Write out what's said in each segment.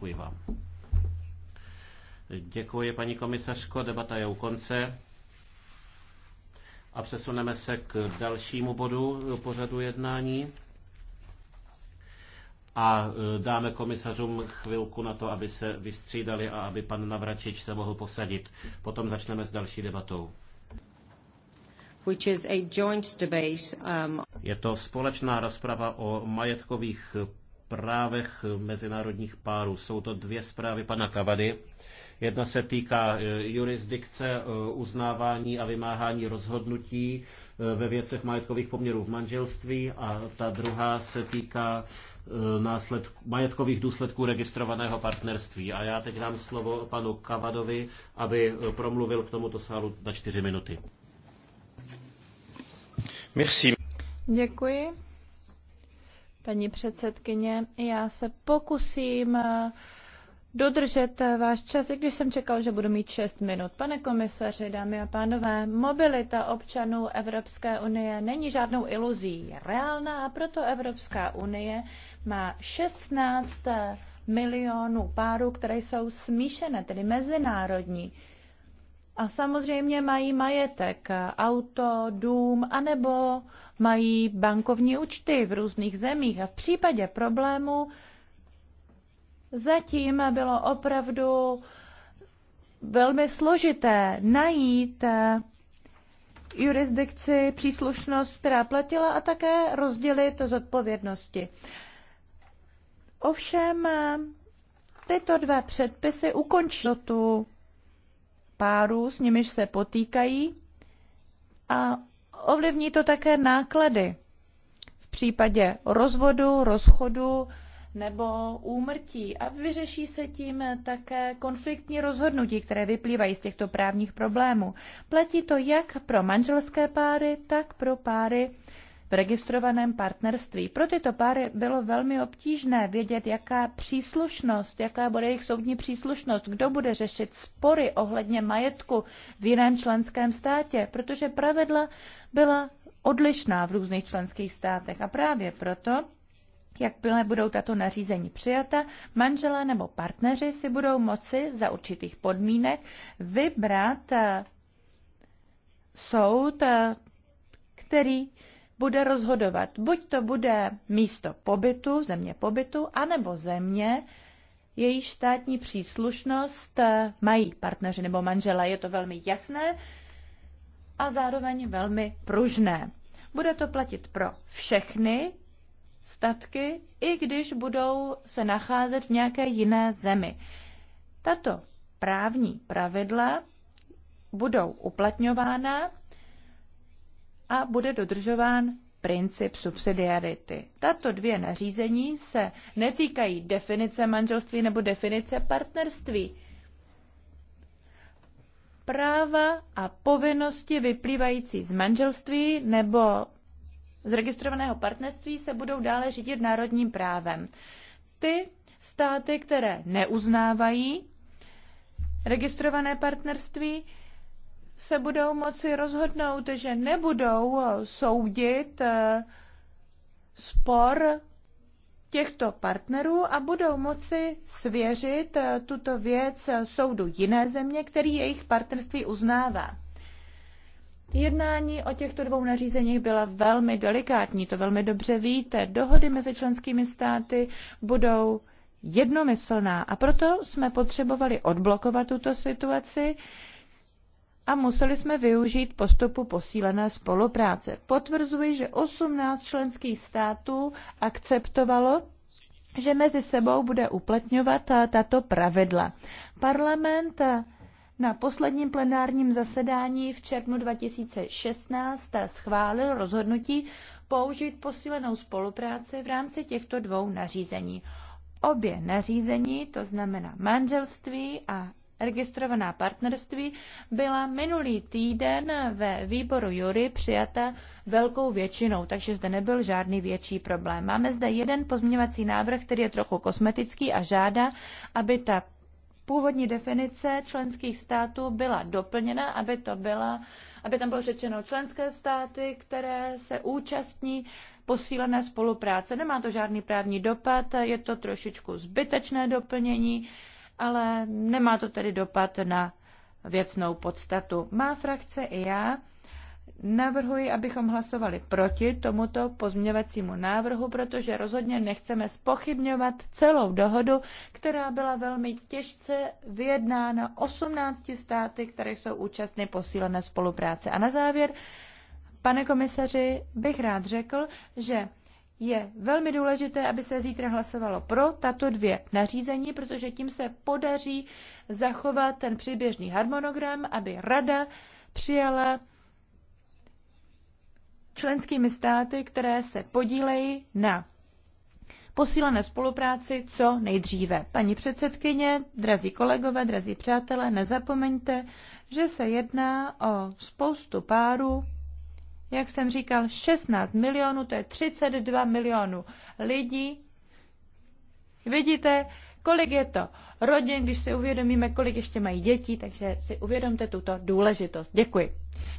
Děkuji vám. Děkuji, paní komisařko. Debata je u konce. A přesuneme se k dalšímu bodu pořadu jednání. A e, dáme komisařům chvilku na to, aby se vystřídali a aby pan Navračič se mohl posadit. Potom začneme s další debatou. Which is a joint debate, um... Je to společná rozprava o majetkových právech mezinárodních párů. Jsou to dvě zprávy pana Kavady. Jedna se týká eh, jurisdikce, eh, uznávání a vymáhání rozhodnutí eh, ve věcech majetkových poměrů v manželství a ta druhá se týká následku majetkových důsledků registrovaného partnerství. A já teď dám slovo panu Kavadovi, aby promluvil k tomuto sálu na čtyři minuty. Merci. Děkuji paní předsedkyně. Já se pokusím eh, dodržet eh, váš čas, i když jsem čekal, že budu mít 6 minut. Pane komisaři, dámy a pánové, mobilita občanů Evropské unie není žádnou iluzí, je reálná a proto Evropská unie má 16 eh, milionů párů, které jsou smíšené, tedy mezinárodní. A samozřejmě mají majetek, auto, dům, anebo mají bankovní účty v různých zemích a v případě problému zatím bylo opravdu velmi složité najít jurisdikci, příslušnost, která platila a také rozdělit zodpovědnosti. Ovšem, tyto dva předpisy ukončí tu párů, s nimiž se potýkají a Ovlivní to také náklady v případě rozvodu, rozchodu nebo úmrtí a vyřeší se tím také konfliktní rozhodnutí, které vyplývají z těchto právních problémů. Platí to jak pro manželské páry, tak pro páry, v registrovaném partnerství. Pro tyto páry bylo velmi obtížné vědět, jaká příslušnost, jaká bude jejich soudní příslušnost, kdo bude řešit spory ohledně majetku v jiném členském státě, protože pravidla byla odlišná v různých členských státech a právě proto jak Jakmile budou tato nařízení přijata, manželé nebo partneři si budou moci za určitých podmínek vybrat eh, soud, eh, který bude rozhodovat. Buď to bude místo pobytu, země pobytu, anebo země, jejíž státní příslušnost eh, mají partneři nebo manžela Je to velmi jasné a zároveň velmi pružné. Bude to platit pro všechny statky, i když budou se nacházet v nějaké jiné zemi. Tato právní pravidla budou uplatňována a bude dodržován princip subsidiarity. Tato dvě nařízení se netýkají definice manželství nebo definice partnerství. Práva a povinnosti vyplývající z manželství nebo z registrovaného partnerství se budou dále řídit národním právem. Ty státy, které neuznávají registrované partnerství, se budou moci rozhodnout, že nebudou eh, soudit eh, spor těchto partnerů a budou moci svěřit eh, tuto věc soudu jiné země, který jejich partnerství uznává. Jednání o těchto dvou nařízeních byla velmi delikátní, to velmi dobře víte. Dohody mezi členskými státy budou jednomyslná a proto jsme potřebovali odblokovat tuto situaci a museli jsme využít postupu posílené spolupráce. Potvrzuji, že 18 členských států akceptovalo, že mezi sebou bude uplatňovat eh, tato pravidla. Parlament eh, na posledním plenárním zasedání v červnu 2016 eh, schválil rozhodnutí použít posílenou spolupráci v rámci těchto dvou nařízení. Obě nařízení, to znamená manželství a registrovaná partnerství byla minulý týden ve výboru Jury přijata velkou většinou, takže zde nebyl žádný větší problém. Máme zde jeden pozměňovací návrh, který je trochu kosmetický a žádá, aby ta původní definice členských států byla doplněna, aby, to byla, aby tam bylo řečeno členské státy, které se účastní posílené spolupráce. Nemá to žádný právní dopad, je to trošičku zbytečné doplnění ale nemá to tedy dopad na věcnou podstatu. Má frakce i já navrhuji, abychom hlasovali proti tomuto pozměňovacímu návrhu, protože rozhodně nechceme spochybňovat celou dohodu, která byla velmi těžce vyjednána 18 státy, které jsou účastny posílené spolupráce. A na závěr, pane komisaři, bych rád řekl, že je velmi důležité, aby se zítra hlasovalo pro tato dvě nařízení, protože tím se podaří zachovat ten přiběžný harmonogram, aby rada přijala členskými státy, které se podílejí na posílené spolupráci co nejdříve. Paní předsedkyně, drazí kolegové, drazí přátelé, nezapomeňte, že se jedná o spoustu párů, jak jsem říkal, 16 milionů, to je 32 milionů lidí. Vidíte, kolik je to rodin, když si uvědomíme, kolik ještě mají dětí, takže si uvědomte tuto důležitost. Děkuji.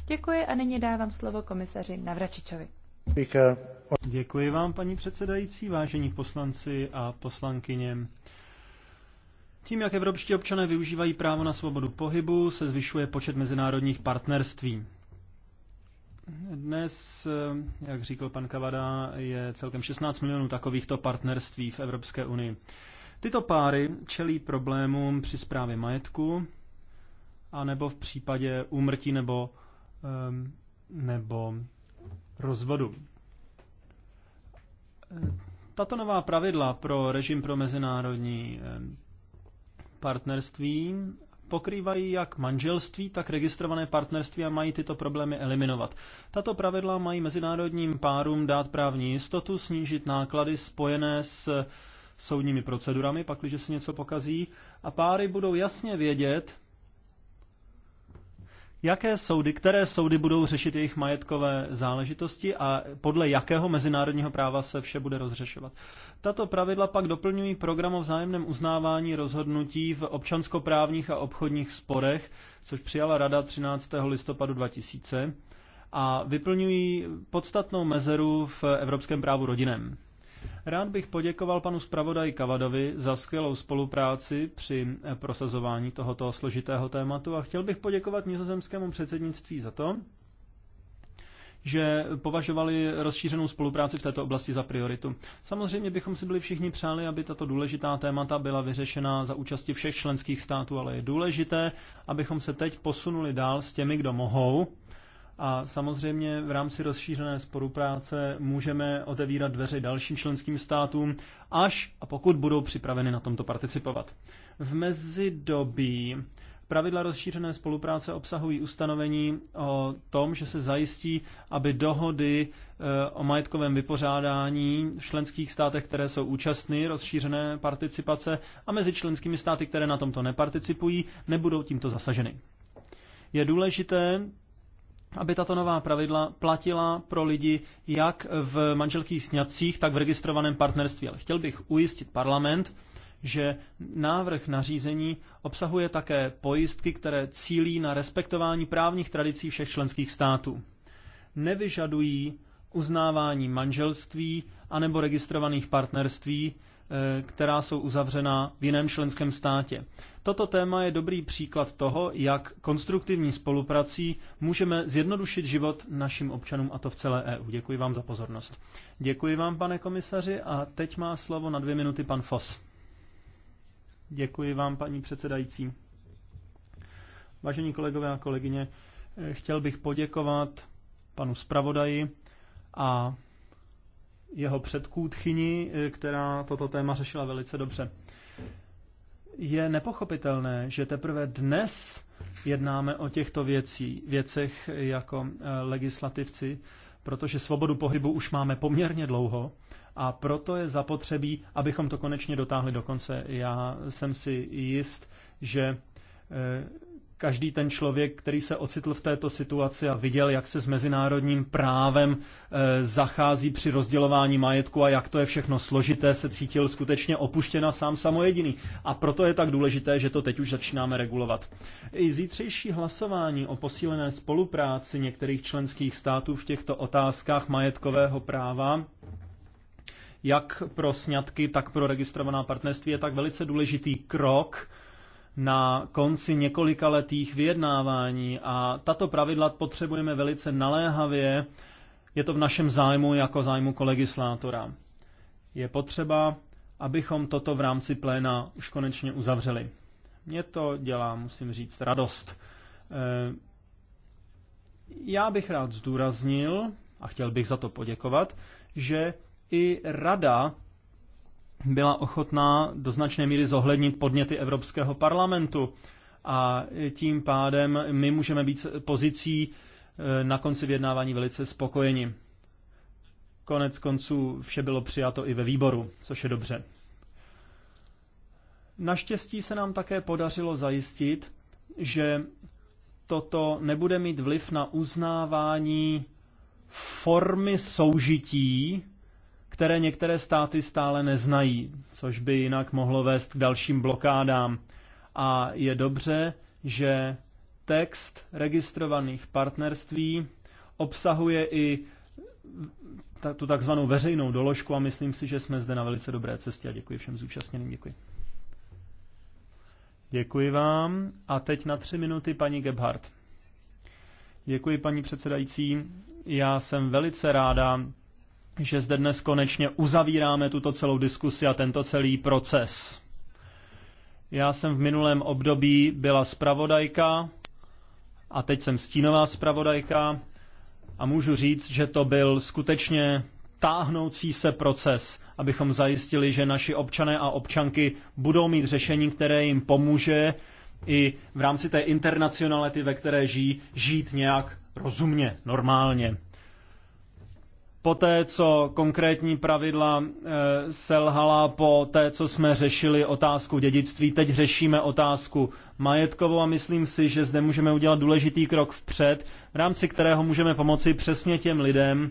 Děkuji a nyní dávám slovo komisaři Navračičovi. Děkuji vám, paní předsedající, vážení poslanci a poslankyně. Tím, jak evropští občané využívají právo na svobodu pohybu, se zvyšuje počet mezinárodních partnerství. Dnes, jak říkal pan Kavada, je celkem 16 milionů takovýchto partnerství v Evropské unii. Tyto páry čelí problémům při správě majetku, anebo v případě úmrtí nebo, nebo rozvodu. Tato nová pravidla pro režim pro mezinárodní partnerství pokrývají jak manželství, tak registrované partnerství a mají tyto problémy eliminovat. Tato pravidla mají mezinárodním párům dát právní jistotu, snížit náklady spojené s soudními procedurami, pakliže se něco pokazí, a páry budou jasně vědět, Jaké soudy, které soudy budou řešit jejich majetkové záležitosti a podle jakého mezinárodního práva se vše bude rozřešovat? Tato pravidla pak doplňují program o vzájemném uznávání rozhodnutí v občanskoprávních a obchodních sporech, což přijala Rada 13. listopadu 2000 a vyplňují podstatnou mezeru v evropském právu rodinem. Rád bych poděkoval panu zpravodaji Kavadovi za skvělou spolupráci při eh, prosazování tohoto složitého tématu a chtěl bych poděkovat nizozemskému předsednictví za to, že považovali rozšířenou spolupráci v této oblasti za prioritu. Samozřejmě bychom si byli všichni přáli, aby tato důležitá témata byla vyřešena za účasti všech členských států, ale je důležité, abychom se teď posunuli dál s těmi, kdo mohou, a samozřejmě v rámci rozšířené spolupráce můžeme otevírat dveře dalším členským státům, až a pokud budou připraveny na tomto participovat. V mezidobí Pravidla rozšířené spolupráce obsahují ustanovení o tom, že se zajistí, aby dohody e, o majetkovém vypořádání v členských státech, které jsou účastny rozšířené participace a mezi členskými státy, které na tomto neparticipují, nebudou tímto zasaženy. Je důležité aby tato nová pravidla platila pro lidi jak v manželských sňacích, tak v registrovaném partnerství. Ale chtěl bych ujistit parlament, že návrh nařízení obsahuje také pojistky, které cílí na respektování právních tradicí všech členských států. Nevyžadují uznávání manželství anebo registrovaných partnerství, Eh, která jsou uzavřena v jiném členském státě. Toto téma je dobrý příklad toho, jak konstruktivní spoluprací můžeme zjednodušit život našim občanům a to v celé EU. Děkuji vám za pozornost. Děkuji vám, pane komisaři, a teď má slovo na dvě minuty pan Fos. Děkuji vám, paní předsedající. Vážení kolegové a kolegyně, eh, chtěl bych poděkovat panu zpravodaji a jeho předkůdchyni, eh, která toto téma řešila velice dobře. Je nepochopitelné, že teprve dnes jednáme o těchto věcí, věcech jako eh, legislativci, protože svobodu pohybu už máme poměrně dlouho a proto je zapotřebí, abychom to konečně dotáhli do konce. Já jsem si jist, že eh, každý ten člověk, který se ocitl v této situaci a viděl, jak se s mezinárodním právem e, zachází při rozdělování majetku a jak to je všechno složité, se cítil skutečně opuštěna sám samojediný. A proto je tak důležité, že to teď už začínáme regulovat. I zítřejší hlasování o posílené spolupráci některých členských států v těchto otázkách majetkového práva jak pro sňatky, tak pro registrovaná partnerství je tak velice důležitý krok, na konci několika letých vyjednávání a tato pravidla potřebujeme velice naléhavě. Je to v našem zájmu jako zájmu kolegislátora. Je potřeba, abychom toto v rámci pléna už konečně uzavřeli. Mně to dělá, musím říct, radost. Eh, já bych rád zdůraznil, a chtěl bych za to poděkovat, že i rada byla ochotná do značné míry zohlednit podněty Evropského parlamentu a tím pádem my můžeme být pozicí e, na konci vyjednávání velice spokojeni. Konec konců vše bylo přijato i ve výboru, což je dobře. Naštěstí se nám také podařilo zajistit, že toto nebude mít vliv na uznávání formy soužití které některé státy stále neznají, což by jinak mohlo vést k dalším blokádám. A je dobře, že text registrovaných partnerství obsahuje i tu takzvanou veřejnou doložku a myslím si, že jsme zde na velice dobré cestě a děkuji všem zúčastněným. Děkuji. Děkuji vám. A teď na tři minuty paní Gebhardt. Děkuji, paní předsedající. Já jsem velice ráda, že zde dnes konečně uzavíráme tuto celou diskusi a tento celý proces. Já jsem v minulém období byla spravodajka a teď jsem stínová spravodajka a můžu říct, že to byl skutečně táhnoucí se proces, abychom zajistili, že naši občané a občanky budou mít řešení, které jim pomůže i v rámci té internacionality, ve které žijí, žít nějak rozumně, normálně. Poté, co konkrétní pravidla eh, selhala, po té, co jsme řešili otázku dědictví, teď řešíme otázku majetkovou a myslím si, že zde můžeme udělat důležitý krok vpřed, v rámci kterého můžeme pomoci přesně těm lidem,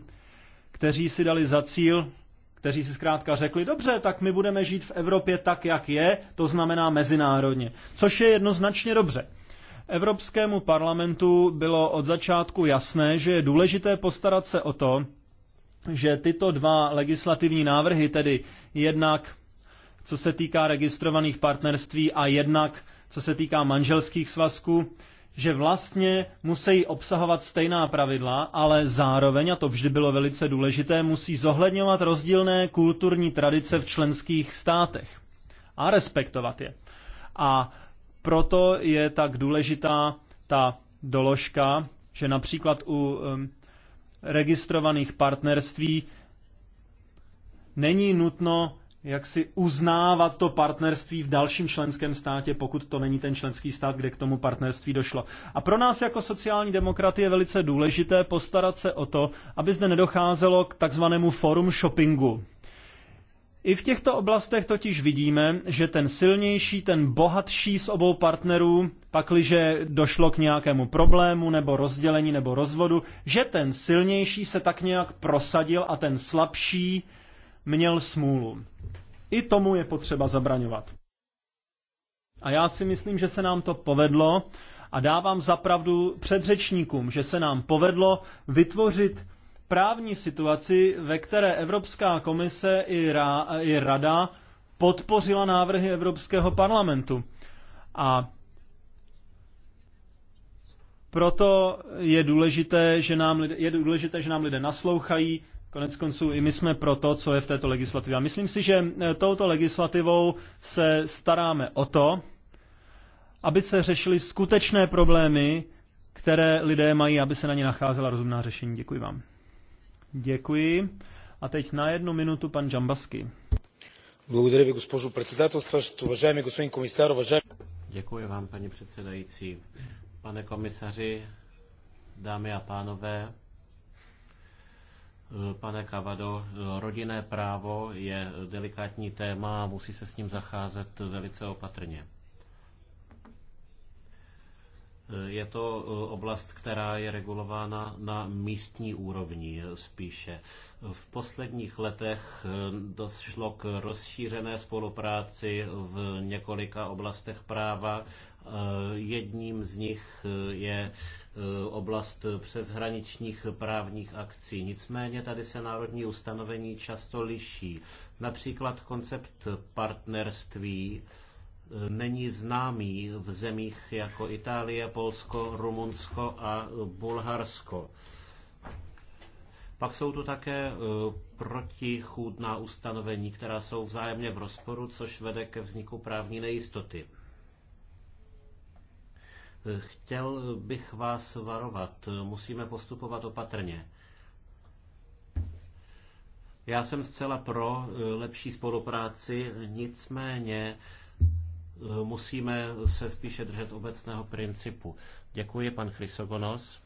kteří si dali za cíl, kteří si zkrátka řekli, dobře, tak my budeme žít v Evropě tak, jak je, to znamená mezinárodně, což je jednoznačně dobře. Evropskému parlamentu bylo od začátku jasné, že je důležité postarat se o to, že tyto dva legislativní návrhy, tedy jednak co se týká registrovaných partnerství a jednak co se týká manželských svazků, že vlastně musí obsahovat stejná pravidla, ale zároveň, a to vždy bylo velice důležité, musí zohledňovat rozdílné kulturní tradice v členských státech a respektovat je. A proto je tak důležitá ta doložka, že například u um, registrovaných partnerství není nutno jak si uznávat to partnerství v dalším členském státě, pokud to není ten členský stát, kde k tomu partnerství došlo. A pro nás jako sociální demokraty je velice důležité postarat se o to, aby zde nedocházelo k takzvanému forum shoppingu. I v těchto oblastech totiž vidíme, že ten silnější, ten bohatší z obou partnerů, pakliže došlo k nějakému problému nebo rozdělení nebo rozvodu, že ten silnější se tak nějak prosadil a ten slabší měl smůlu. I tomu je potřeba zabraňovat. A já si myslím, že se nám to povedlo a dávám zapravdu předřečníkům, že se nám povedlo vytvořit právní situaci, ve které Evropská komise i, ra, i Rada podpořila návrhy Evropského parlamentu. A proto je důležité, že nám lidé, je důležité, že nám lidé naslouchají. Konec konců i my jsme pro to, co je v této legislativě. A myslím si, že eh, touto legislativou se staráme o to, aby se řešily skutečné problémy, které lidé mají, aby se na ně nacházela rozumná řešení. Děkuji vám. Děkuji. A teď na jednu minutu pan Džambasky. Благодаря ви, госпожо уважаеми господин комисар, уважаеми... Děkuji vám, paní předsedající. Pane komisaři, dámy a pánové, Pane Kavado, rodinné právo je delikátní téma a musí se s ním zacházet velice opatrně. Je to e, oblast, která je regulována na místní úrovni e, spíše. V posledních letech e, došlo k rozšířené spolupráci v několika oblastech práva. Jedním z nich je oblast přeshraničních právních akcí. Nicméně tady se národní ustanovení často liší. Například koncept partnerství není známý v zemích jako Itálie, Polsko, Rumunsko a Bulharsko. Pak jsou tu také e, protichůdná ustanovení, která jsou vzájemně v rozporu, což vede ke vzniku právní nejistoty. E, chtěl bych vás varovat, musíme postupovat opatrně. Já jsem zcela pro e, lepší spolupráci, nicméně Eh, musíme se spíše držet obecného principu. Děkuji, pan Chrysogonos.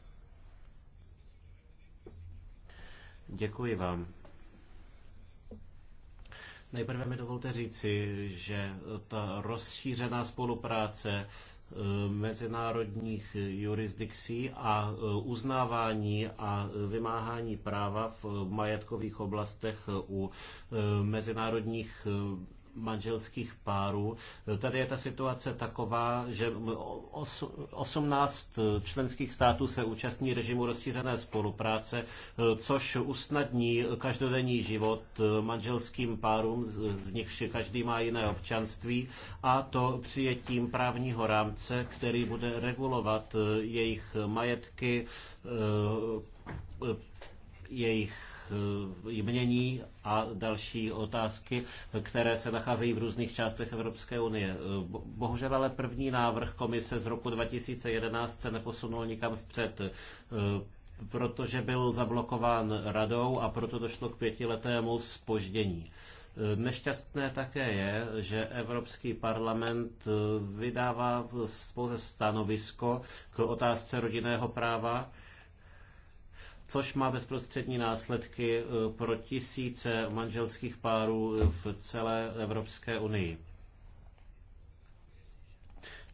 Děkuji vám. Nejprve mi dovolte říci, že ta rozšířená spolupráce eh, mezinárodních jurisdikcí a eh, uznávání a vymáhání práva v majetkových oblastech u mezinárodních manželských párů. Tady je ta situace taková, že 18 členských států se účastní režimu rozšířené spolupráce, což usnadní každodenní život manželským párům, z nichž každý má jiné občanství, a to přijetím právního rámce, který bude regulovat jejich majetky, eh, jejich Eh, jmění a další otázky, které se nacházejí v různých částech Evropské unie. Eh, bohužel ale první návrh komise z roku 2011 se neposunul nikam vpřed eh, protože byl zablokován radou a proto došlo k pětiletému spoždění. Nešťastné také je, že Evropský parlament vydává pouze stanovisko k otázce rodinného práva, což má bezprostřední následky eh, pro tisíce manželských párů eh, v celé Evropské unii.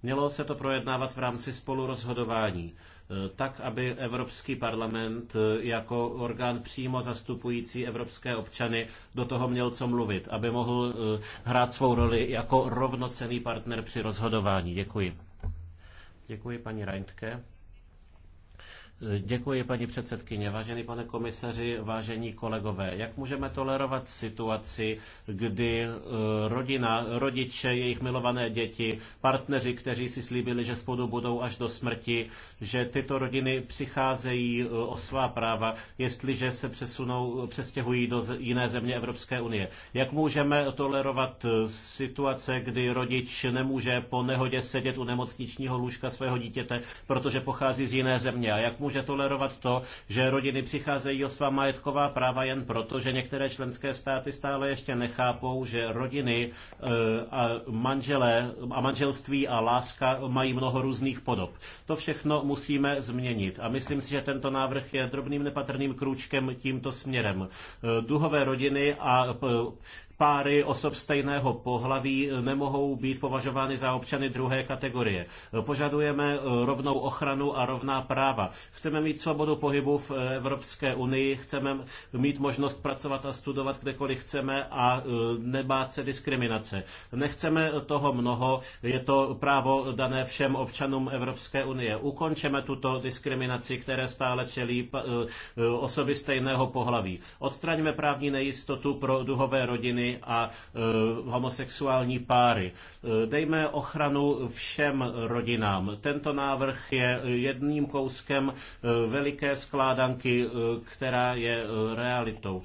Mělo se to projednávat v rámci spolurozhodování, eh, tak aby Evropský parlament jako orgán přímo zastupující evropské občany do toho měl co mluvit, aby mohl hrát svou roli jako rovnocený partner při rozhodování. Děkuji. Děkuji paní Reintke. Děkuji, paní předsedkyně. Vážený pane komisaři, vážení kolegové, jak můžeme tolerovat situaci, kdy eh, rodina, rodiče, jejich milované děti, partneři, kteří si slíbili, že spolu budou až do smrti, že tyto rodiny přicházejí eh, o svá práva, jestliže se přesunou, přestěhují do jiné země Evropské unie. Jak můžeme tolerovat eh, situace, kdy rodič nemůže po nehodě sedět u nemocničního lůžka svého dítěte, protože pochází z jiné země? A jak můžeme nemůže tolerovat to, že rodiny přicházejí o svá majetková práva jen proto, že některé členské státy stále ještě nechápou, že rodiny eh, a manželé a manželství a láska mají mnoho různých podob. To všechno musíme změnit a myslím si, že tento návrh je drobným nepatrným krůčkem tímto směrem. Eh, duhové rodiny a eh, páry osob stejného pohlaví nemohou být považovány za občany druhé kategorie. Požadujeme eh, rovnou ochranu a rovná práva. Chceme mít svobodu pohybu v eh, Evropské unii, chceme mít možnost pracovat a studovat kdekoliv chceme a eh, nebát se diskriminace. Nechceme toho mnoho, je to právo dané všem občanům Evropské unie. Ukončeme tuto diskriminaci, které stále čelí osoby stejného pohlaví. Odstraňme právní nejistotu pro duhové rodiny a a e, homosexuální páry. E, dejme ochranu všem rodinám. Tento návrh je jedním kouskem e, veliké skládanky, která je realitou.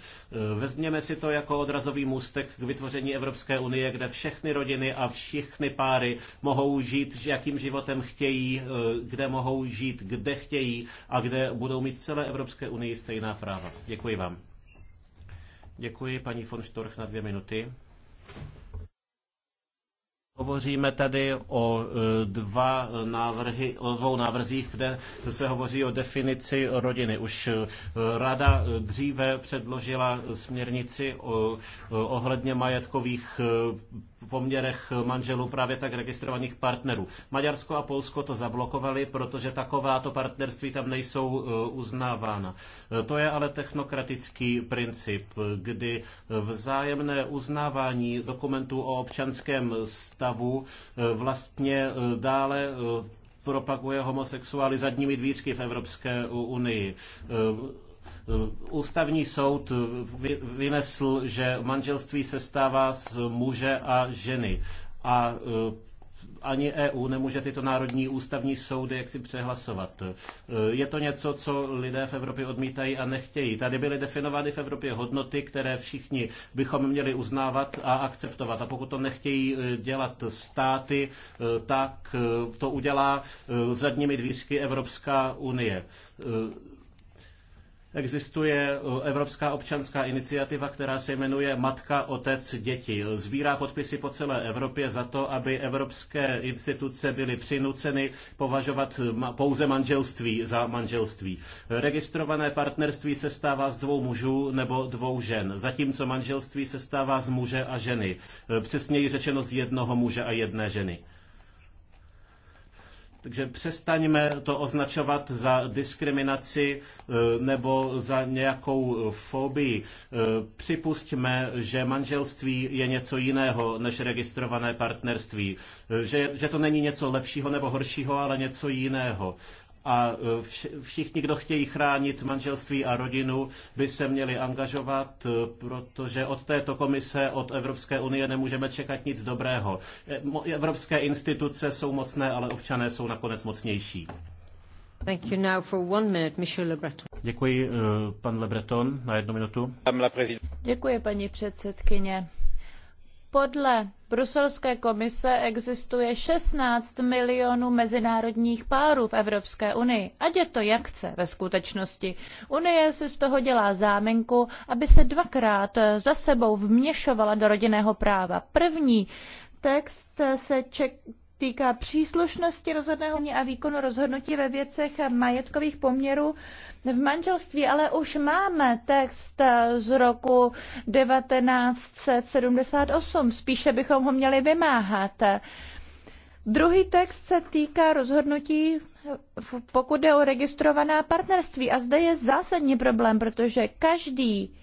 Vezměme si to jako odrazový můstek k vytvoření Evropské unie, kde všechny rodiny a všechny páry mohou žít, jakým životem chtějí, kde mohou žít, kde chtějí a kde budou mít celé Evropské unii stejná práva. Děkuji vám. Děkuji, paní von Storch, na dvě minuty. Hovoříme tady o e, dva návrhy, o dvou návrzích, kde se hovoří o definici rodiny. Už e, rada dříve předložila směrnici o, e, ohledně majetkových poměrech manželů právě tak registrovaných partnerů. Maďarsko a Polsko to zablokovali, protože takováto partnerství tam nejsou e, uznávána. E, to je ale technokratický princip, kdy vzájemné uznávání dokumentů o občanském stavu e, vlastně dále propaguje homosexuály zadními dvířky v Evropské unii. Ústavní soud vynesl, že manželství se stává z muže a ženy. A e, ani EU nemůže tyto národní ústavní soudy jaksi přehlasovat. E, je to něco, co lidé v Evropě odmítají a nechtějí. Tady byly definovány v Evropě hodnoty, které všichni bychom měli uznávat a akceptovat. A pokud to nechtějí e, dělat státy, tak to udělá zadními dvířky Evropská unie. Existuje eh, Evropská občanská iniciativa, která se jmenuje Matka, Otec, Děti. Zbírá podpisy po celé Evropě za to, aby evropské instituce byly přinuceny považovat pouze manželství za manželství. Registrované partnerství se stává z dvou mužů nebo dvou žen, zatímco manželství se stává z muže a ženy. Eh, přesněji řečeno z jednoho muže a jedné ženy. Takže přestaňme to označovat za diskriminaci e, nebo za nějakou fobii. E, Připustíme, že manželství je něco jiného než registrované partnerství. E, že, že to není něco lepšího nebo horšího, ale něco jiného a e, všichni, kdo chtějí chránit manželství a rodinu, by se měli angažovat, e, protože od této komise, od Evropské unie nemůžeme čekat nic dobrého. E, evropské instituce jsou mocné, ale občané jsou nakonec mocnější. Thank you now for one minute, Michel Le Breton. Děkuji, pan Le Breton, na jednu minutu. Děkuji, paní předsedkyně. Podle Bruselské komise existuje 16 milionů mezinárodních párů v Evropské unii. Ať je to jak chce ve skutečnosti. Unie si z toho dělá záminku, aby se dvakrát za sebou vměšovala do rodinného práva. První text se ček, týká příslušnosti rozhodného a výkonu rozhodnutí ve věcech majetkových poměrů v manželství, ale už máme text z roku 1978. Spíše bychom ho měli vymáhat. Druhý text se týká rozhodnutí, pokud je o registrovaná partnerství. A zde je zásadní problém, protože každý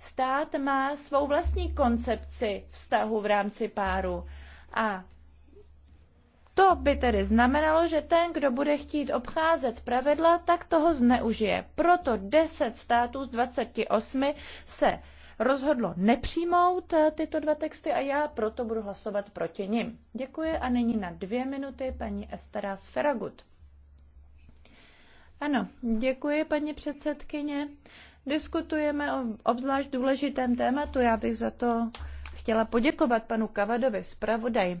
stát má svou vlastní koncepci vztahu v rámci páru. A to by tedy znamenalo, že ten, kdo bude chtít obcházet pravidla, tak toho zneužije. Proto 10 států z 28 se rozhodlo nepřijmout eh, tyto dva texty a já proto budu hlasovat proti nim. Děkuji a nyní na dvě minuty paní Estera Sferagut. Ano, děkuji paní předsedkyně. Diskutujeme o obzvlášť důležitém tématu. Já bych za to chtěla poděkovat panu Kavadovi, zpravodaji.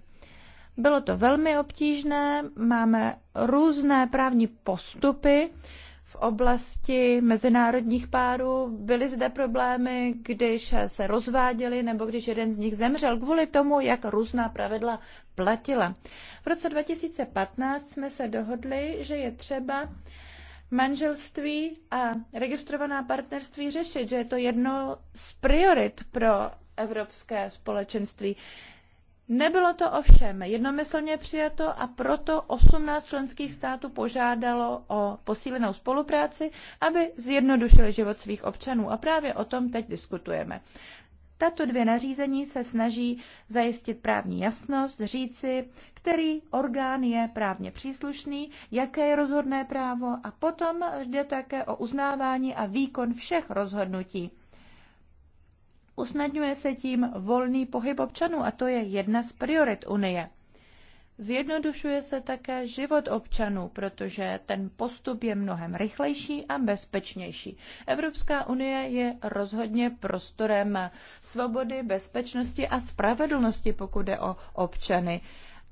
Bylo to velmi obtížné, máme různé právní postupy v oblasti mezinárodních párů. Byly zde problémy, když se rozváděli nebo když jeden z nich zemřel kvůli tomu, jak různá pravidla platila. V roce 2015 jsme se dohodli, že je třeba manželství a registrovaná partnerství řešit, že je to jedno z priorit pro evropské společenství. Nebylo to ovšem jednomyslně přijato a proto 18 členských států požádalo o posílenou spolupráci, aby zjednodušili život svých občanů. A právě o tom teď diskutujeme. Tato dvě nařízení se snaží zajistit právní jasnost, říci, který orgán je právně příslušný, jaké je rozhodné právo a potom jde také o uznávání a výkon všech rozhodnutí Usnadňuje se tím volný pohyb občanů a to je jedna z priorit Unie. Zjednodušuje se také život občanů, protože ten postup je mnohem rychlejší a bezpečnější. Evropská unie je rozhodně prostorem svobody, bezpečnosti a spravedlnosti, pokud jde o občany.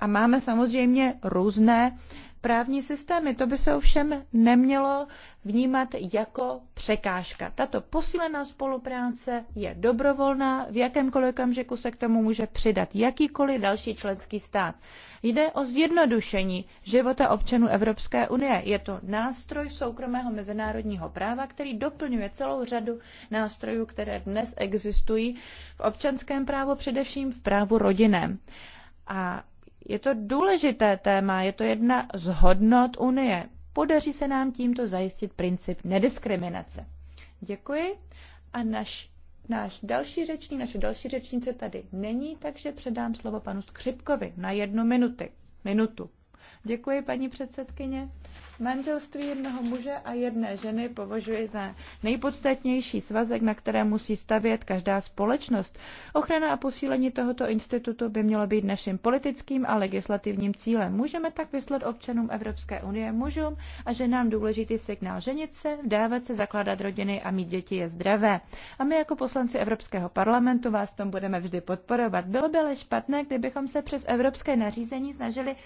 A máme samozřejmě různé právní systémy. To by se ovšem nemělo vnímat jako překážka. Tato posílená spolupráce je dobrovolná, v jakémkoliv okamžiku se k tomu může přidat jakýkoliv další členský stát. Jde o zjednodušení života občanů Evropské unie. Je to nástroj soukromého mezinárodního práva, který doplňuje celou řadu nástrojů, které dnes existují v občanském právu, především v právu rodinném. A je to důležité téma, je to jedna z hodnot Unie. Podaří se nám tímto zajistit princip nediskriminace. Děkuji. A naš, náš další řečník, naše další řečnice tady není, takže předám slovo panu Skřipkovi na jednu minuty, minutu. Děkuji, paní předsedkyně. Manželství jednoho muže a jedné ženy považuji za nejpodstatnější svazek, na které musí stavět každá společnost. Ochrana a posílení tohoto institutu by mělo být naším politickým a legislativním cílem. Můžeme tak vyslat občanům Evropské unie, mužům a ženám důležitý signál ženit se, dávat se, zakládat rodiny a mít děti je zdravé. A my jako poslanci Evropského parlamentu vás tom budeme vždy podporovat. Bylo by ale špatné, kdybychom se přes evropské nařízení snažili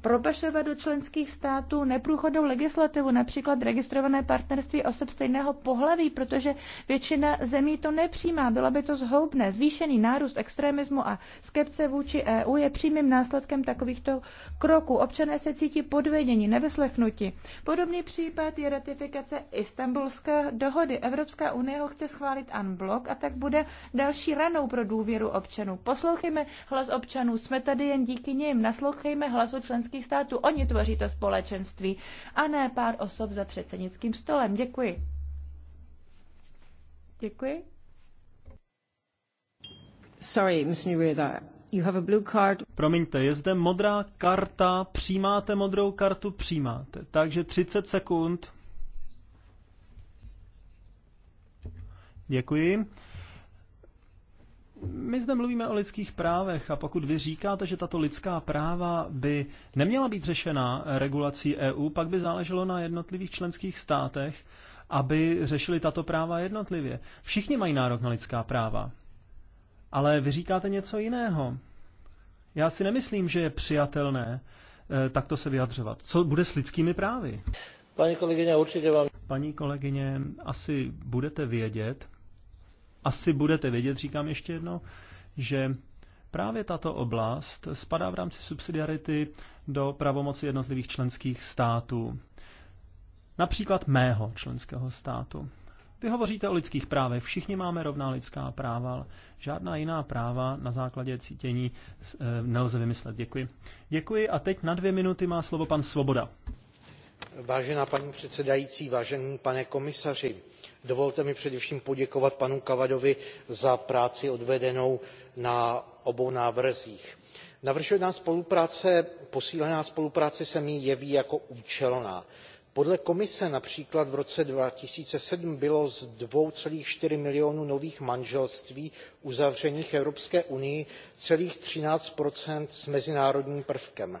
propašovat do členských států neprůchodnou legislativu, například registrované partnerství osob stejného pohlaví, protože většina zemí to nepřijímá. Bylo by to zhoubné. Zvýšený nárůst extremismu a skepce vůči EU je přímým následkem takovýchto kroků. Občané se cítí podvedení, nevyslechnuti. Podobný případ je ratifikace Istanbulské dohody. Evropská unie ho chce schválit unblock a tak bude další ranou pro důvěru občanů. Poslouchejme hlas občanů, jsme tady jen díky nim, naslouchejme hlasu členských členských států. Oni tvoří to společenství a ne pár osob za předsednickým stolem. Děkuji. Děkuji. Sorry, Ms. Nureda. You have a blue card. Promiňte, je zde modrá karta, přijímáte modrou kartu, přijímáte. Takže 30 sekund. Děkuji. My zde mluvíme o lidských právech a pokud vy říkáte, že tato lidská práva by neměla být řešena regulací EU, pak by záleželo na jednotlivých členských státech, aby řešili tato práva jednotlivě. Všichni mají nárok na lidská práva. Ale vy říkáte něco jiného. Já si nemyslím, že je přijatelné eh, takto se vyjadřovat. Co bude s lidskými právy? Paní kolegyně, určitě vám. Paní kolegyně, asi budete vědět, asi budete vědět, říkám ještě jedno, že právě tato oblast spadá v rámci subsidiarity do pravomoci jednotlivých členských států. Například mého členského státu. Vy hovoříte o lidských právech, všichni máme rovná lidská práva, ale žádná jiná práva na základě cítění eh, nelze vymyslet. Děkuji. Děkuji a teď na dvě minuty má slovo pan Svoboda. Vážená paní předsedající vážený pane komisaři dovolte mi především poděkovat panu cavadovi za práci odvedenou na obou návrzích. navržená spolupráce posílená spolupráce se mi jeví jako účelná. podle komise například v roce two thousand and seven bylo z two four milionu nových manželství uzavřených v evropské unii celých thirteen s mezinárodním prvkem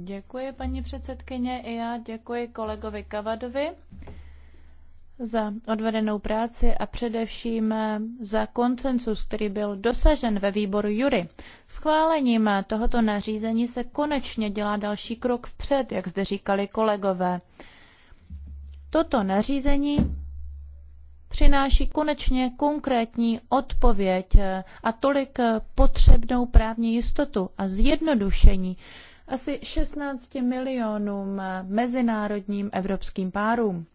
Děkuji, paní předsedkyně, i já děkuji kolegovi Kavadovi za odvedenou práci a především za koncensus, který byl dosažen ve výboru Jury. Schválením tohoto nařízení se konečně dělá další krok vpřed, jak zde říkali kolegové. Toto nařízení přináší konečně konkrétní odpověď eh, a tolik eh, potřebnou právní jistotu a zjednodušení asi 16 milionům eh, mezinárodním evropským párům.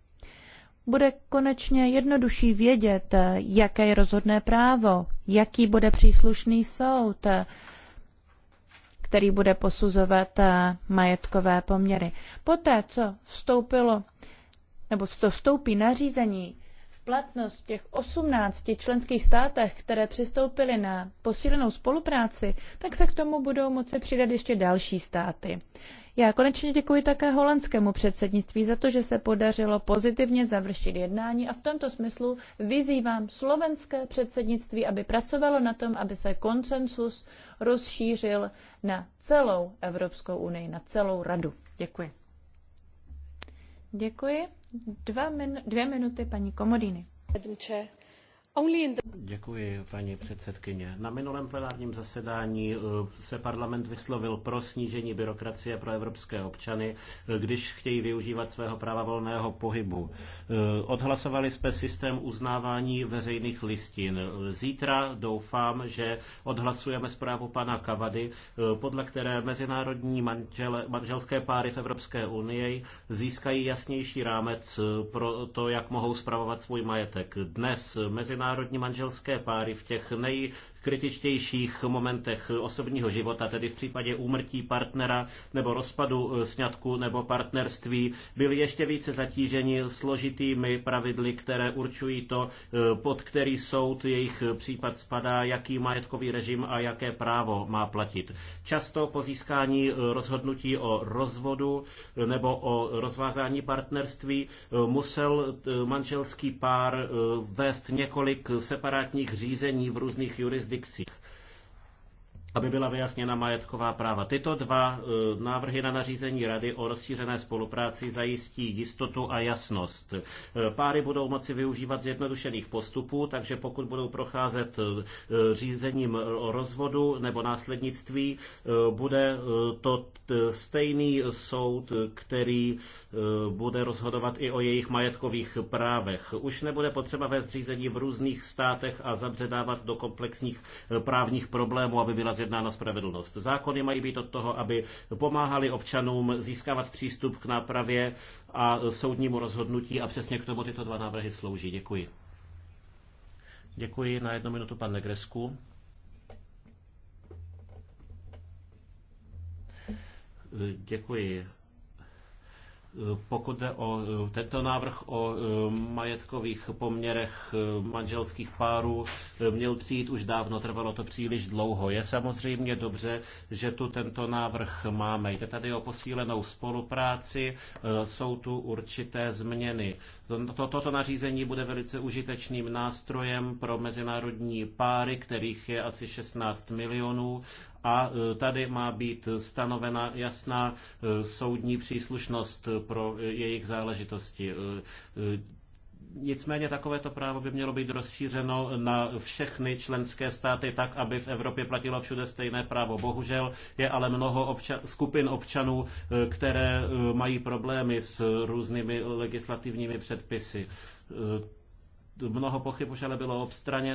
Bude konečně jednodušší vědět, jaké je rozhodné právo, jaký bude příslušný soud, který bude posuzovat majetkové poměry. Poté, co vstoupilo nebo co vstoupí nařízení platnost v těch 18 členských státech, které přistoupily na posílenou spolupráci, tak se k tomu budou moci přidat ještě další státy. Já konečně děkuji také holandskému předsednictví za to, že se podařilo pozitivně završit jednání a v tomto smyslu vyzývám slovenské předsednictví, aby pracovalo na tom, aby se konsensus rozšířil na celou Evropskou unii, na celou radu. Děkuji. Děkuji. Dva min- dvě minuty paní Komodýny. Děkuji, paní předsedkyně. Na minulém plenárním zasedání eh, se parlament vyslovil pro snížení byrokracie pro evropské občany, eh, když chtějí využívat svého práva volného pohybu. Eh, odhlasovali jsme systém uznávání veřejných listin. Zítra doufám, že odhlasujeme zprávu pana Kavady, podle které mezinárodní manžele, manželské páry v Evropské unii získají jasnější rámec pro to, jak mohou spravovat svůj majetek. Dnes mezinárodní mezinárodní manželské páry v těch nejkritičtějších momentech osobního života, tedy v případě úmrtí partnera nebo rozpadu eh, sňatku nebo partnerství, byli ještě více zatíženi složitými pravidly, které určují to, eh, pod který soud jejich případ spadá, jaký majetkový režim a jaké právo má platit. Často po získání eh, rozhodnutí o rozvodu nebo o rozvázání partnerství musel manželský pár vést několik několik separátních řízení v různých jurisdikcích aby byla vyjasněna majetková práva. Tyto dva e, návrhy na nařízení Rady o rozšířené spolupráci zajistí jistotu a jasnost. E, páry budou moci využívat zjednodušených postupů, takže pokud budou procházet e, řízením rozvodu nebo následnictví, bude to stejný soud, který bude rozhodovat i o jejich majetkových právech. Už nebude potřeba vést řízení v různých státech a zabředávat do komplexních právních problémů, aby byla zjednodušená na spravedlnost. Zákony mají být od toho, aby pomáhali občanům získávat přístup k nápravě a soudnímu rozhodnutí a přesně k tomu tyto dva návrhy slouží. Děkuji. Děkuji. Na jednu minutu pan Negresku. Děkuji. Pokud jde o eh, tento návrh o eh, majetkových poměrech eh, manželských párů, měl přijít už dávno, trvalo to příliš dlouho. Je samozřejmě dobře, že tu tento návrh máme. Jde tady o posílenou spolupráci, jsou tu určité změny. Toto nařízení bude velice užitečným nástrojem pro mezinárodní páry, kterých je asi 16 milionů a e, tady má být stanovena jasná e, soudní příslušnost pro e, jejich záležitosti. Nicméně takovéto právo by mělo být rozšířeno na všechny členské státy tak, aby v Evropě platilo všude stejné právo. Bohužel je ale mnoho obča- skupin občanů, které mají problémy s různými legislativními předpisy mnoho pochyb už ale bylo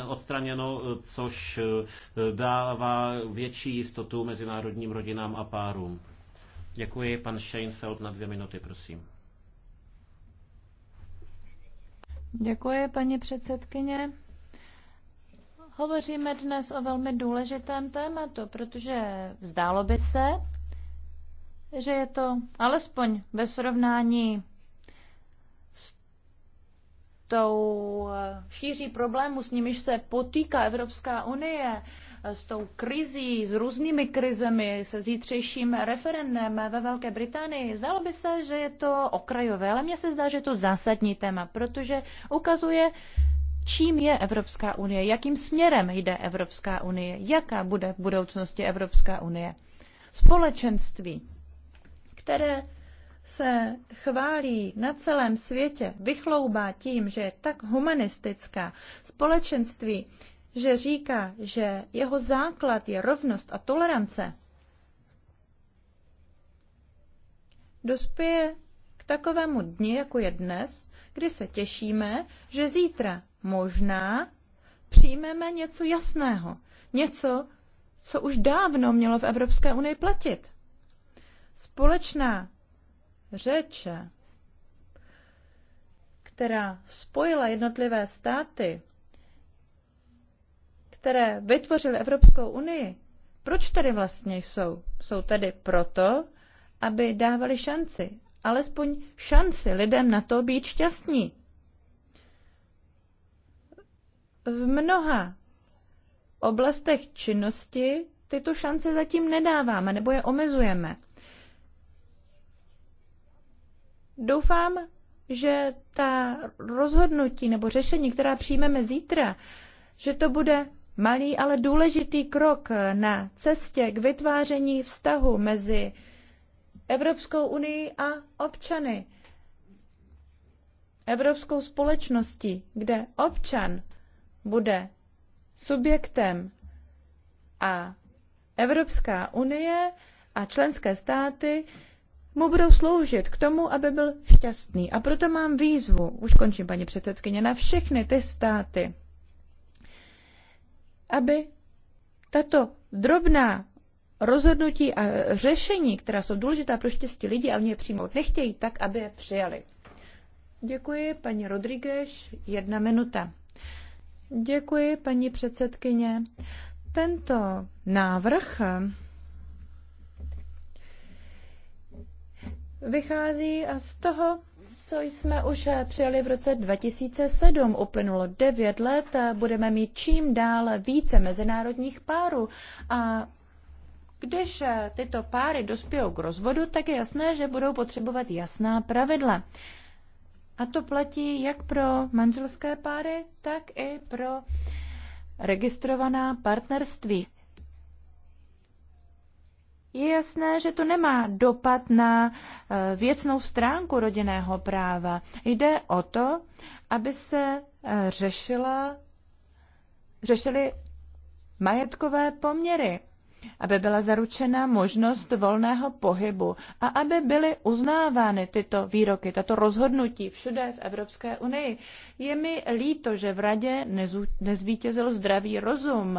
odstraněno, což eh, dává větší jistotu mezinárodním rodinám a párům. Děkuji, pan Scheinfeld, na dvě minuty, prosím. Děkuji, paní předsedkyně. Hovoříme dnes o velmi důležitém tématu, protože vzdálo by se, že je to alespoň ve srovnání tou eh, šíří problémů, s nimiž se potýká Evropská unie, eh, s tou krizí, s různými krizemi, se zítřejším referendem ve Velké Británii. Zdálo by se, že je to okrajové, ale mně se zdá, že je to zásadní téma, protože ukazuje, čím je Evropská unie, jakým směrem jde Evropská unie, jaká bude v budoucnosti Evropská unie. Společenství, které se chválí na celém světě, vychloubá tím, že je tak humanistická společenství, že říká, že jeho základ je rovnost a tolerance, dospěje k takovému dni, jako je dnes, kdy se těšíme, že zítra možná přijmeme něco jasného, něco, co už dávno mělo v Evropské unii platit. Společná Řeče, která spojila jednotlivé státy, které vytvořily Evropskou unii, proč tady vlastně jsou? Jsou tady proto, aby dávali šanci, alespoň šanci lidem na to být šťastní. V mnoha oblastech činnosti tyto šance zatím nedáváme nebo je omezujeme. Doufám, že ta rozhodnutí nebo řešení, která přijmeme zítra, že to bude malý, ale důležitý krok na cestě k vytváření vztahu mezi Evropskou unii a občany. Evropskou společností, kde občan bude subjektem a Evropská unie a členské státy mu budou sloužit k tomu, aby byl šťastný. A proto mám výzvu, už končím, paní předsedkyně, na všechny ty státy, aby tato drobná rozhodnutí a řešení, která jsou důležitá pro štěstí lidí a oni je přijmout nechtějí, tak aby je přijali. Děkuji, paní Rodriguez, jedna minuta. Děkuji, paní předsedkyně. Tento návrh vychází z toho, co jsme už eh, přijali v roce 2007. Uplynulo 9 let, budeme mít čím dál více mezinárodních párů a když eh, tyto páry dospějou k rozvodu, tak je jasné, že budou potřebovat jasná pravidla. A to platí jak pro manželské páry, tak i pro registrovaná partnerství je jasné, že to nemá dopad na eh, věcnou stránku rodinného práva. Jde o to, aby se eh, řešila, řešily majetkové poměry, aby byla zaručena možnost volného pohybu a aby byly uznávány tyto výroky, tato rozhodnutí všude v Evropské unii. Je mi líto, že v radě nezvítězil zdravý rozum.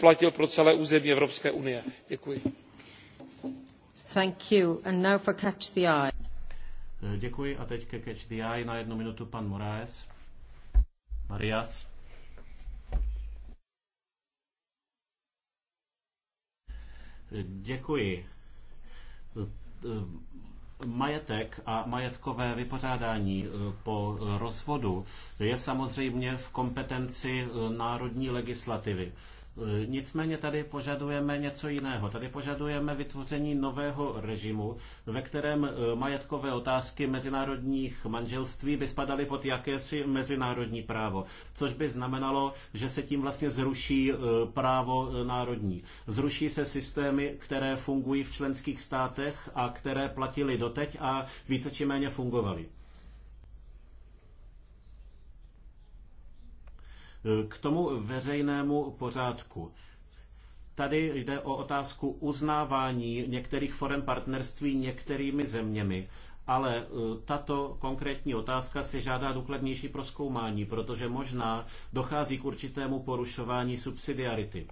platil pro celé území Evropské unie. Děkuji. Eh, děkuji a teď ke Catch the Eye na jednu minutu pan Moraes. Marias. Eh, děkuji. Eh, majetek a majetkové vypořádání po rozvodu je samozřejmě v kompetenci národní legislativy. Eh, nicméně tady požadujeme něco jiného. Tady požadujeme vytvoření nového režimu, ve kterém eh, majetkové otázky mezinárodních manželství by spadaly pod jakési mezinárodní právo, což by znamenalo, že se tím vlastně zruší eh, právo národní. Zruší se systémy, které fungují v členských státech a které platily doteď a více či méně fungovaly. K tomu veřejnému pořádku. Tady jde o otázku uznávání některých forem partnerství některými zeměmi ale e, tato konkrétní otázka se žádá důkladnější proskoumání, protože možná dochází k určitému porušování subsidiarity.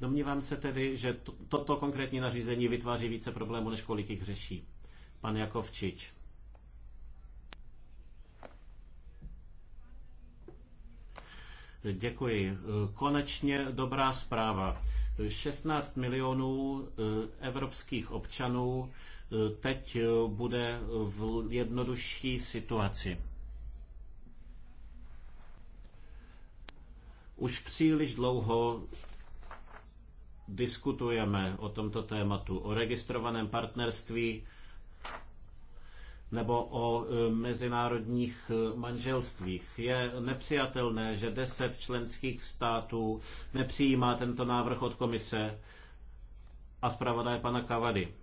Domnívám se tedy, že toto konkrétní nařízení vytváří více problémů, než kolik jich řeší. Pan Jakovčič. Děkuji. Konečně dobrá zpráva. 16 milionů eh, evropských občanů eh, teď eh, bude v jednodušší situaci. Už příliš dlouho diskutujeme o tomto tématu, o registrovaném partnerství nebo o e, mezinárodních e, manželstvích. Je nepřijatelné, že deset členských států nepřijímá tento návrh od komise a zpravodaje pana Kavady.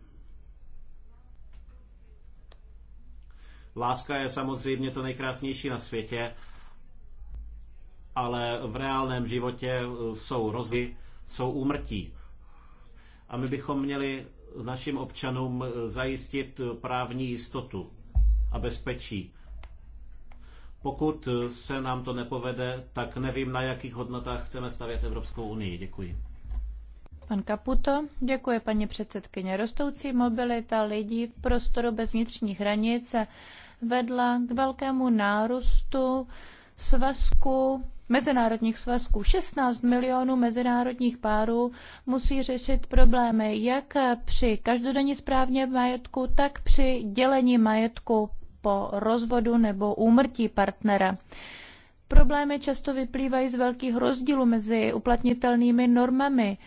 Láska je samozřejmě to nejkrásnější na světě, ale v reálném životě e, jsou rozvy, jsou úmrtí. A my bychom měli našim občanům eh, zajistit eh, právní jistotu a bezpečí. Pokud eh, se nám to nepovede, tak nevím, na jakých hodnotách chceme stavět Evropskou unii. Děkuji. Pan Kaputo, děkuji paní předsedkyně. Rostoucí mobilita lidí v prostoru bez vnitřních hranic vedla k velkému nárůstu svazku mezinárodních svazků. 16 milionů mezinárodních párů musí řešit problémy jak při každodenní správně majetku, tak při dělení majetku po rozvodu nebo úmrtí partnera. Problémy často vyplývají z velkých rozdílů mezi uplatnitelnými normami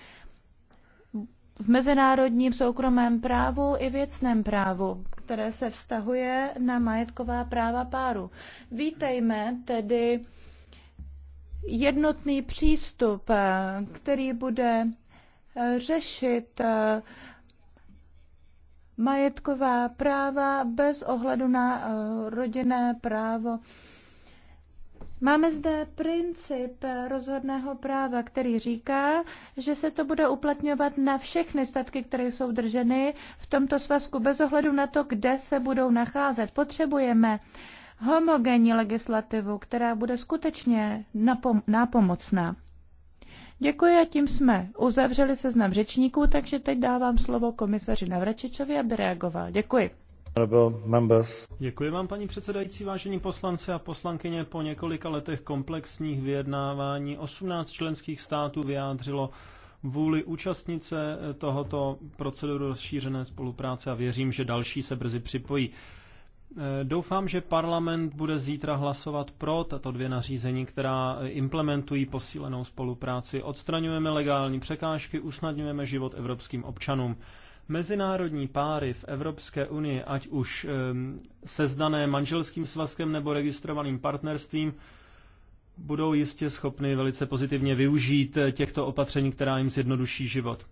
v mezinárodním soukromém právu i věcném právu, které se vztahuje na majetková práva páru. Vítejme tedy jednotný přístup, eh, který bude eh, řešit eh, majetková práva bez ohledu na rodinné právo. Máme zde princip rozhodného práva, který říká, že se to bude uplatňovat na všechny statky, které jsou drženy v tomto svazku, bez ohledu na to, kde se budou nacházet. Potřebujeme uh, homogenní legislativu, která bude skutečně napom- nápomocná. Děkuji a tím jsme uzavřeli seznam řečníků, takže teď dávám slovo komisaři Navračičovi, aby reagoval. Děkuji. Děkuji vám, paní předsedající, vážení poslanci a poslankyně. Po několika letech komplexních vyjednávání 18 členských států vyjádřilo vůli účastnice tohoto proceduru rozšířené spolupráce a věřím, že další se brzy připojí. Eh, doufám, že parlament bude zítra hlasovat pro tato dvě nařízení, která eh, implementují posílenou spolupráci. Odstraňujeme legální překážky, usnadňujeme život evropským občanům. Mezinárodní páry v Evropské unii, ať už ehm, sezdané manželským svazkem nebo registrovaným partnerstvím, budou jistě schopny velice pozitivně využít eh, těchto opatření, která jim zjednoduší život.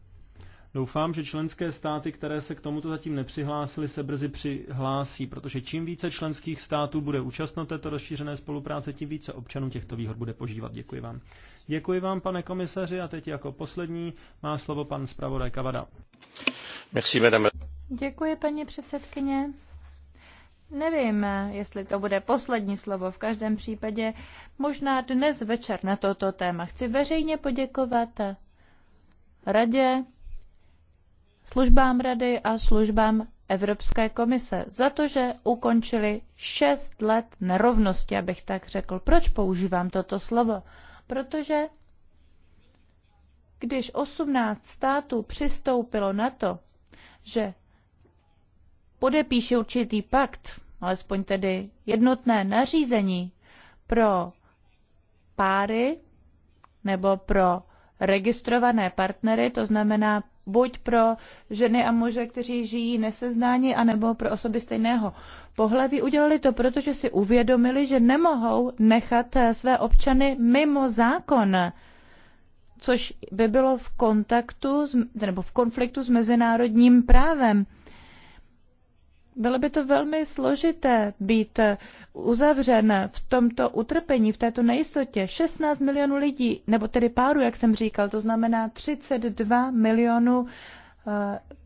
Doufám, že členské státy, které se k tomuto zatím nepřihlásily, se brzy přihlásí, protože čím více členských států bude účastno této rozšířené spolupráce, tím více občanů těchto výhod bude požívat. Děkuji vám. Děkuji vám, pane komisaři, a teď jako poslední má slovo pan zpravodaj Kavada. Merci, madame. Děkuji, paní předsedkyně. Nevím, jestli to bude poslední slovo. V každém případě možná dnes večer na toto téma chci veřejně poděkovat radě, službám rady a službám Evropské komise za to, že ukončili šest let nerovnosti, abych tak řekl. Proč používám toto slovo? Protože když 18 států přistoupilo na to, že podepíše určitý pakt, alespoň tedy jednotné nařízení pro páry nebo pro registrované partnery, to znamená buď pro ženy a muže, kteří žijí neseznání, anebo pro osoby stejného pohlaví. Udělali to, protože si uvědomili, že nemohou nechat eh, své občany mimo zákon, což by bylo v kontaktu nebo v konfliktu s mezinárodním právem. Bylo by to velmi složité být uzavřen v tomto utrpení, v této nejistotě. 16 milionů lidí, nebo tedy páru, jak jsem říkal, to znamená 32 milionů uh,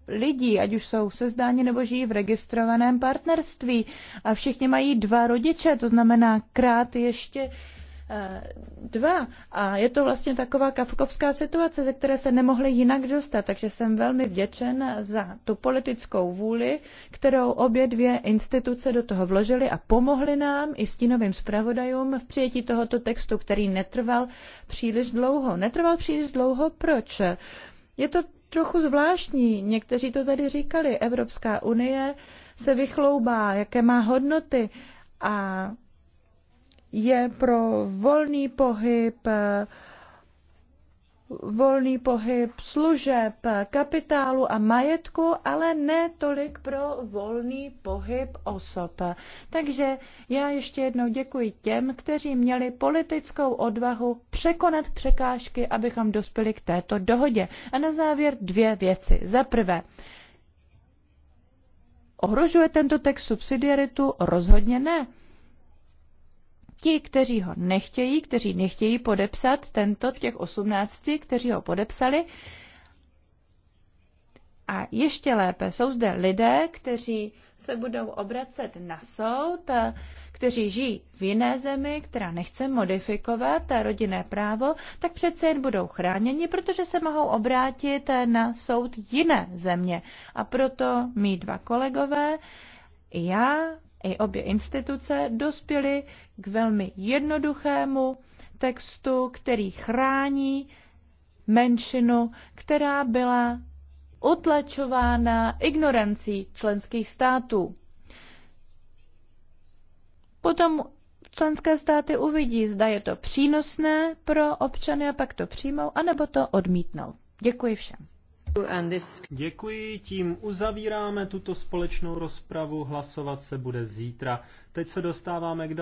lidí, ať už jsou sezdáni nebo žijí v registrovaném partnerství. A všichni mají dva rodiče, to znamená krát ještě uh, dva. A je to vlastně taková kafkovská situace, ze které se nemohli jinak dostat. Takže jsem velmi vděčen za tu politickou vůli, kterou obě dvě instituce do toho vložily a pomohly nám i stínovým zpravodajům v přijetí tohoto textu, který netrval příliš dlouho. Netrval příliš dlouho, proč? Je to trochu zvláštní, někteří to tady říkali, Evropská unie se vychloubá, jaké má hodnoty a je pro volný pohyb volný pohyb služeb, kapitálu a majetku, ale ne tolik pro volný pohyb osob. Takže já ještě jednou děkuji těm, kteří měli politickou odvahu překonat překážky, abychom dospěli k této dohodě. A na závěr dvě věci. Za prvé, ohrožuje tento text subsidiaritu? Rozhodně ne ti, kteří ho nechtějí, kteří nechtějí podepsat tento těch 18, kteří ho podepsali. A ještě lépe jsou zde lidé, kteří se budou obracet na soud, kteří žijí v jiné zemi, která nechce modifikovat rodinné právo, tak přece jen budou chráněni, protože se mohou obrátit na soud jiné země. A proto mý dva kolegové já i obě instituce dospěly k velmi jednoduchému textu, který chrání menšinu, která byla utlačována ignorancí členských států. Potom členské státy uvidí, zda je to přínosné pro občany a pak to přijmou, anebo to odmítnou. Děkuji všem. Děkuji, tím uzavíráme tuto společnou rozpravu. Hlasovat se bude zítra. Teď se dostáváme k